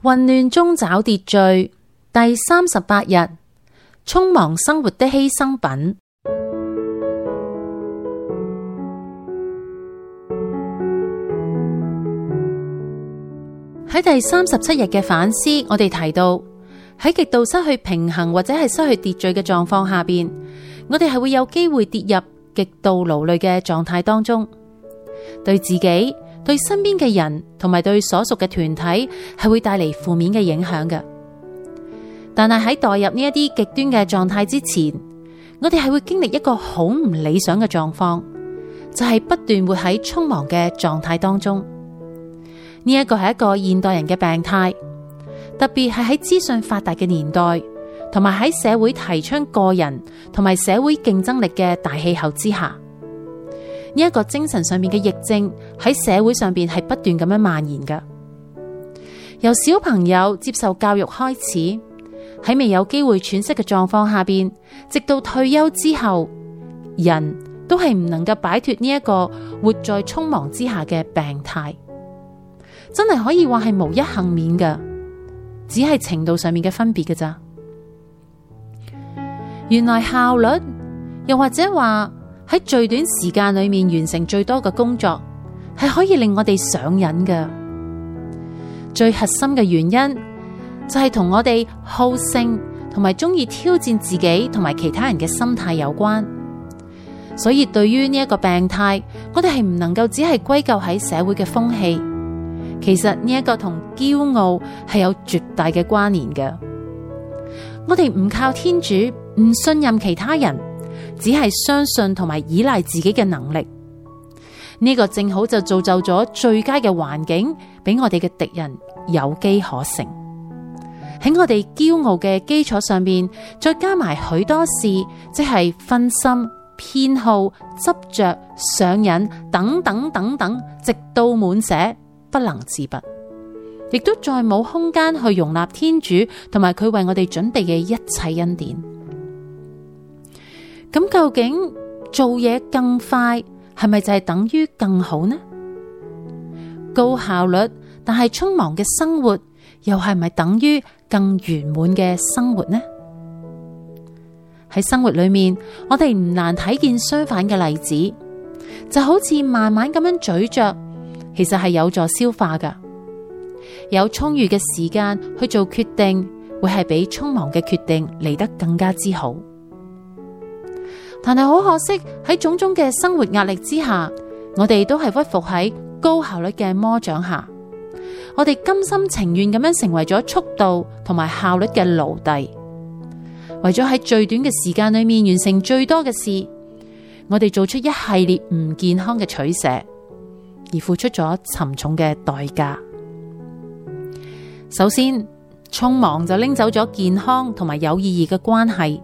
混亂中找秩序。第三十八日，匆忙生活的犧牲品。喺第三十七日嘅反思，我哋提到喺極度失去平衡或者係失去秩序嘅狀況下邊，我哋係會有機會跌入極度勞累嘅狀態當中，對自己，對身邊嘅人同埋對所屬嘅團體係會帶嚟負面嘅影響嘅。但係喺代入呢一啲極端嘅狀態之前，我哋係會經歷一個好唔理想嘅狀況，就係不斷活喺匆忙嘅狀態當中。呢一個係一個現代人嘅病態，特別係喺資訊發達嘅年代，同埋喺社會提倡個人同埋社會競爭力嘅大氣候之下。呢一個精神上面嘅疫症喺社會上邊係不斷咁樣蔓延嘅，由小朋友接受教育開始，喺未有機會喘息嘅狀況下邊，直到退休之後，人都係唔能夠擺脫呢一個活在匆忙之下嘅病態，真係可以話係無一幸免嘅，只係程度上面嘅分別嘅咋。原來效率，又或者話。喺最短時間裏面完成最多嘅工作，係可以令我哋上癮嘅。最核心嘅原因就係、是、同我哋好勝同埋中意挑戰自己同埋其他人嘅心態有關。所以對於呢一個病態，我哋係唔能夠只係歸咎喺社會嘅風氣。其實呢一個同驕傲係有絕大嘅關聯嘅。我哋唔靠天主，唔信任其他人。只係相信同埋依賴自己嘅能力，呢、這個正好就造就咗最佳嘅環境，俾我哋嘅敵人有機可乘。喺我哋驕傲嘅基礎上面，再加埋許多事，即係分心、偏好、執着、上癮等等等等，直到滿瀉，不能自拔，亦都再冇空間去容納天主同埋佢為我哋準備嘅一切恩典。咁究竟做嘢更快係咪就係等於更好呢？高效率，但係匆忙嘅生活又係咪等於更圓滿嘅生活呢？喺生活裏面，我哋唔難睇見相反嘅例子，就好似慢慢咁樣咀嚼，其實係有助消化噶。有充裕嘅時間去做決定，會係比匆忙嘅決定嚟得更加之好。但係好可惜，喺種種嘅生活壓力之下，我哋都係屈服喺高效率嘅魔掌下，我哋甘心情願咁樣成為咗速度同埋效率嘅奴隸，為咗喺最短嘅時間裏面完成最多嘅事，我哋做出一系列唔健康嘅取捨，而付出咗沉重嘅代價。首先，匆忙就拎走咗健康同埋有意義嘅關係。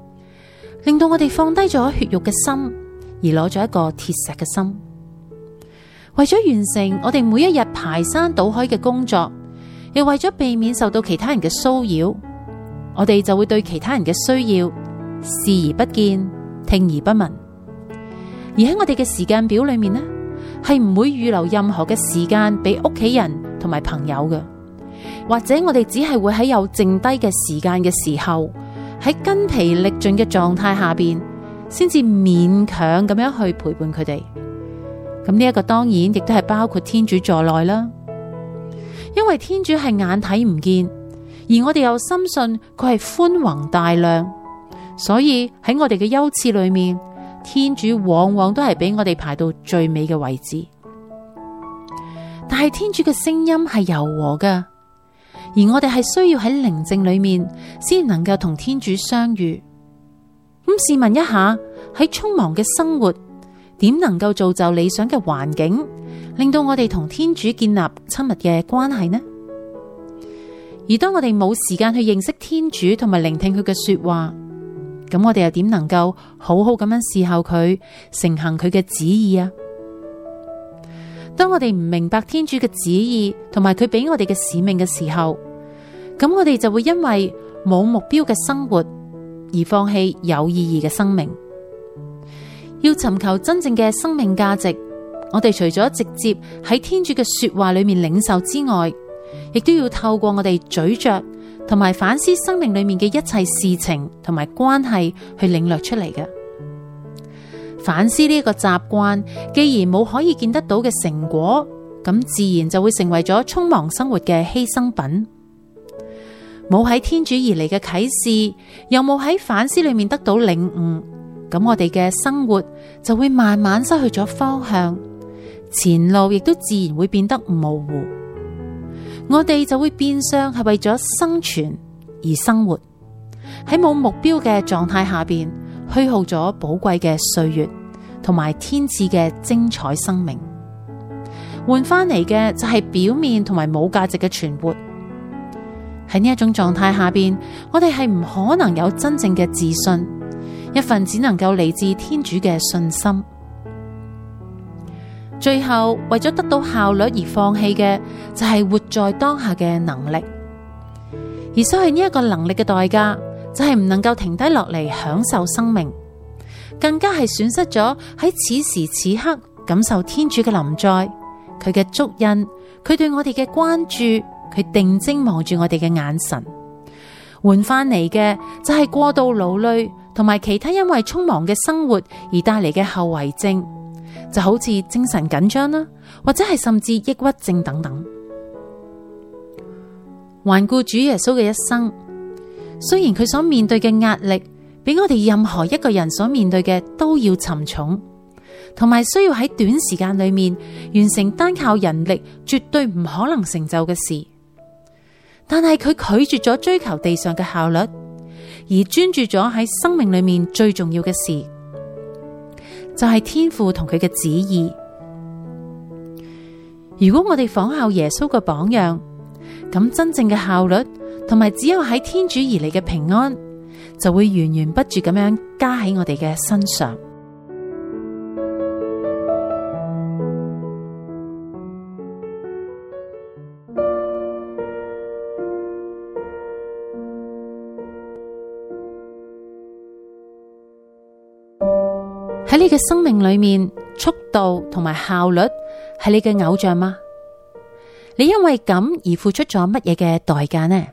令到我哋放低咗血肉嘅心，而攞咗一個鐵石嘅心。為咗完成我哋每一日排山倒海嘅工作，又為咗避免受到其他人嘅騷擾，我哋就會對其他人嘅需要視而不見、聽而不聞。而喺我哋嘅時間表裏面呢，係唔會預留任何嘅時間俾屋企人同埋朋友嘅，或者我哋只係會喺有剩低嘅時間嘅時候。喺筋疲力盡嘅狀態下邊，先至勉強咁樣去陪伴佢哋。咁呢一個當然亦都係包括天主在內啦。因為天主係眼睇唔見，而我哋又深信佢係寬宏大量，所以喺我哋嘅優次裏面，天主往往都係俾我哋排到最尾嘅位置。但係天主嘅聲音係柔和㗎。而我哋係需要喺寧靜裏面，先能夠同天主相遇。咁試問一下，喺匆忙嘅生活，點能夠造就理想嘅環境，令到我哋同天主建立親密嘅關係呢？而當我哋冇時間去認識天主，同埋聆聽佢嘅說話，咁我哋又點能夠好好咁樣伺候佢，承行佢嘅旨意啊？當我哋唔明白天主嘅旨意同埋佢俾我哋嘅使命嘅時候，咁我哋就會因為冇目標嘅生活而放棄有意義嘅生命。要尋求真正嘅生命價值，我哋除咗直接喺天主嘅說話裏面領受之外，亦都要透過我哋咀嚼同埋反思生命裏面嘅一切事情同埋關係去領略出嚟嘅。反思呢個習慣，既然冇可以見得到嘅成果，咁自然就會成為咗匆忙生活嘅犧牲品。冇喺天主而嚟嘅啟示，又冇喺反思裏面得到領悟，咁我哋嘅生活就會慢慢失去咗方向，前路亦都自然會變得模糊。我哋就會變相係為咗生存而生活，喺冇目標嘅狀態下邊。虛耗咗寶貴嘅歲月，同埋天賜嘅精彩生命，換翻嚟嘅就係表面同埋冇價值嘅存活。喺呢一種狀態下邊，我哋係唔可能有真正嘅自信，一份只能夠嚟自天主嘅信心。最後，為咗得到效率而放棄嘅，就係、是、活在當下嘅能力，而失去呢一個能力嘅代價。就係、是、唔能夠停低落嚟享受生命，更加係損失咗喺此時此刻感受天主嘅臨在，佢嘅足印，佢對我哋嘅關注，佢定睛望住我哋嘅眼神，換翻嚟嘅就係過度勞累，同埋其他因為匆忙嘅生活而帶嚟嘅後遺症，就好似精神緊張啦，或者係甚至抑鬱症等等。環顧主耶穌嘅一生。雖然佢所面對嘅壓力，比我哋任何一個人所面對嘅都要沉重，同埋需要喺短時間裏面完成單靠人力絕對唔可能成就嘅事，但係佢拒絕咗追求地上嘅效率，而專注咗喺生命裏面最重要嘅事，就係天父同佢嘅旨意。如果我哋仿效耶穌嘅榜樣，咁真正嘅效率。同埋，只有喺天主而嚟嘅平安，就會源源不絕咁樣加喺我哋嘅身上。喺你嘅生命裏面，速度同埋效率係你嘅偶像嗎？你因為咁而付出咗乜嘢嘅代價呢？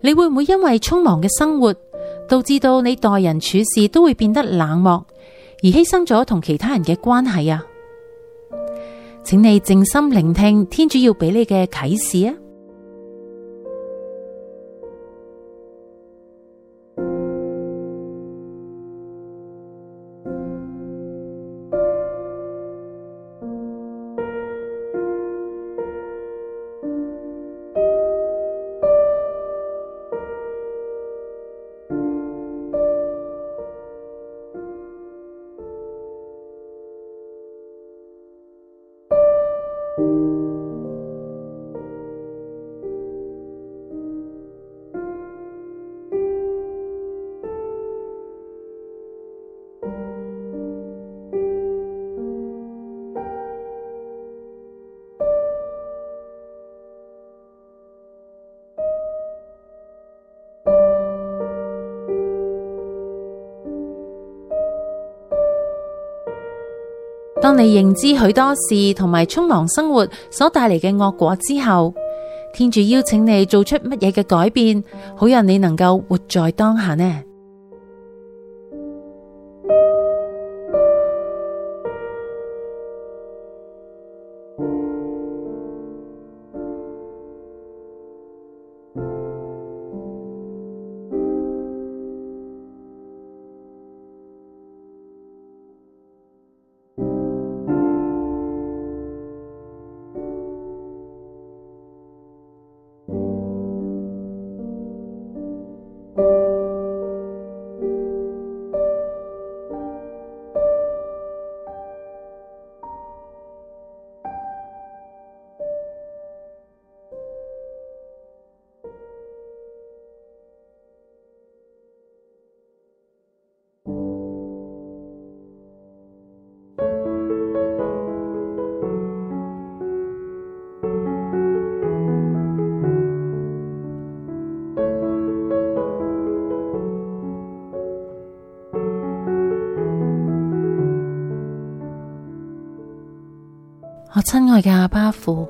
你會唔會因為匆忙嘅生活，導致到你待人處事都會變得冷漠，而犧牲咗同其他人嘅關係啊？請你靜心聆聽天主要俾你嘅啟示啊！當你認知許多事同埋匆忙生活所帶來嘅惡果之後，天主邀請你做出乜嘢嘅改變，好讓你能夠活在當下呢？我親愛嘅阿爸父，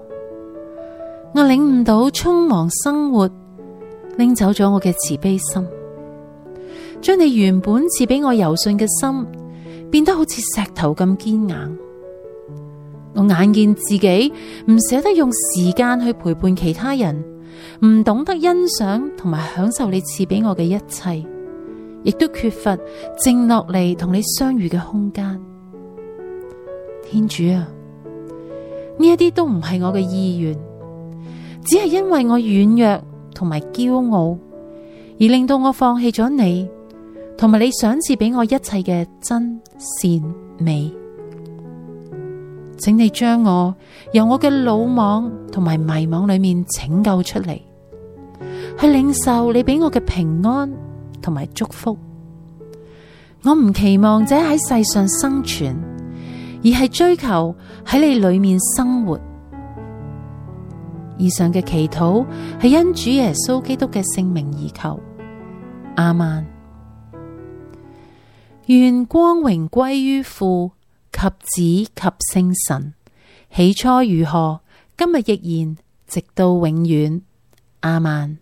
我領悟到匆忙生活拎走咗我嘅慈悲心，將你原本賜俾我柔順嘅心變得好似石頭咁堅硬。我眼見自己唔捨得用時間去陪伴其他人，唔懂得欣賞同埋享受你賜俾我嘅一切，亦都缺乏靜落嚟同你相遇嘅空間。天主啊！呢一啲都唔係我嘅意願，只係因為我軟弱同埋驕傲，而令到我放棄咗你，同埋你賞賜俾我一切嘅真善美。請你將我由我嘅魯莽同埋迷惘裏面拯救出嚟，去領受你俾我嘅平安同埋祝福。我唔期望只喺世上生存。而係追求喺你裏面生活。以上嘅祈禱係因主耶穌基督嘅聖名而求。亞孟，願光榮歸於父及子及聖神。起初如何，今日亦然，直到永遠。亞孟。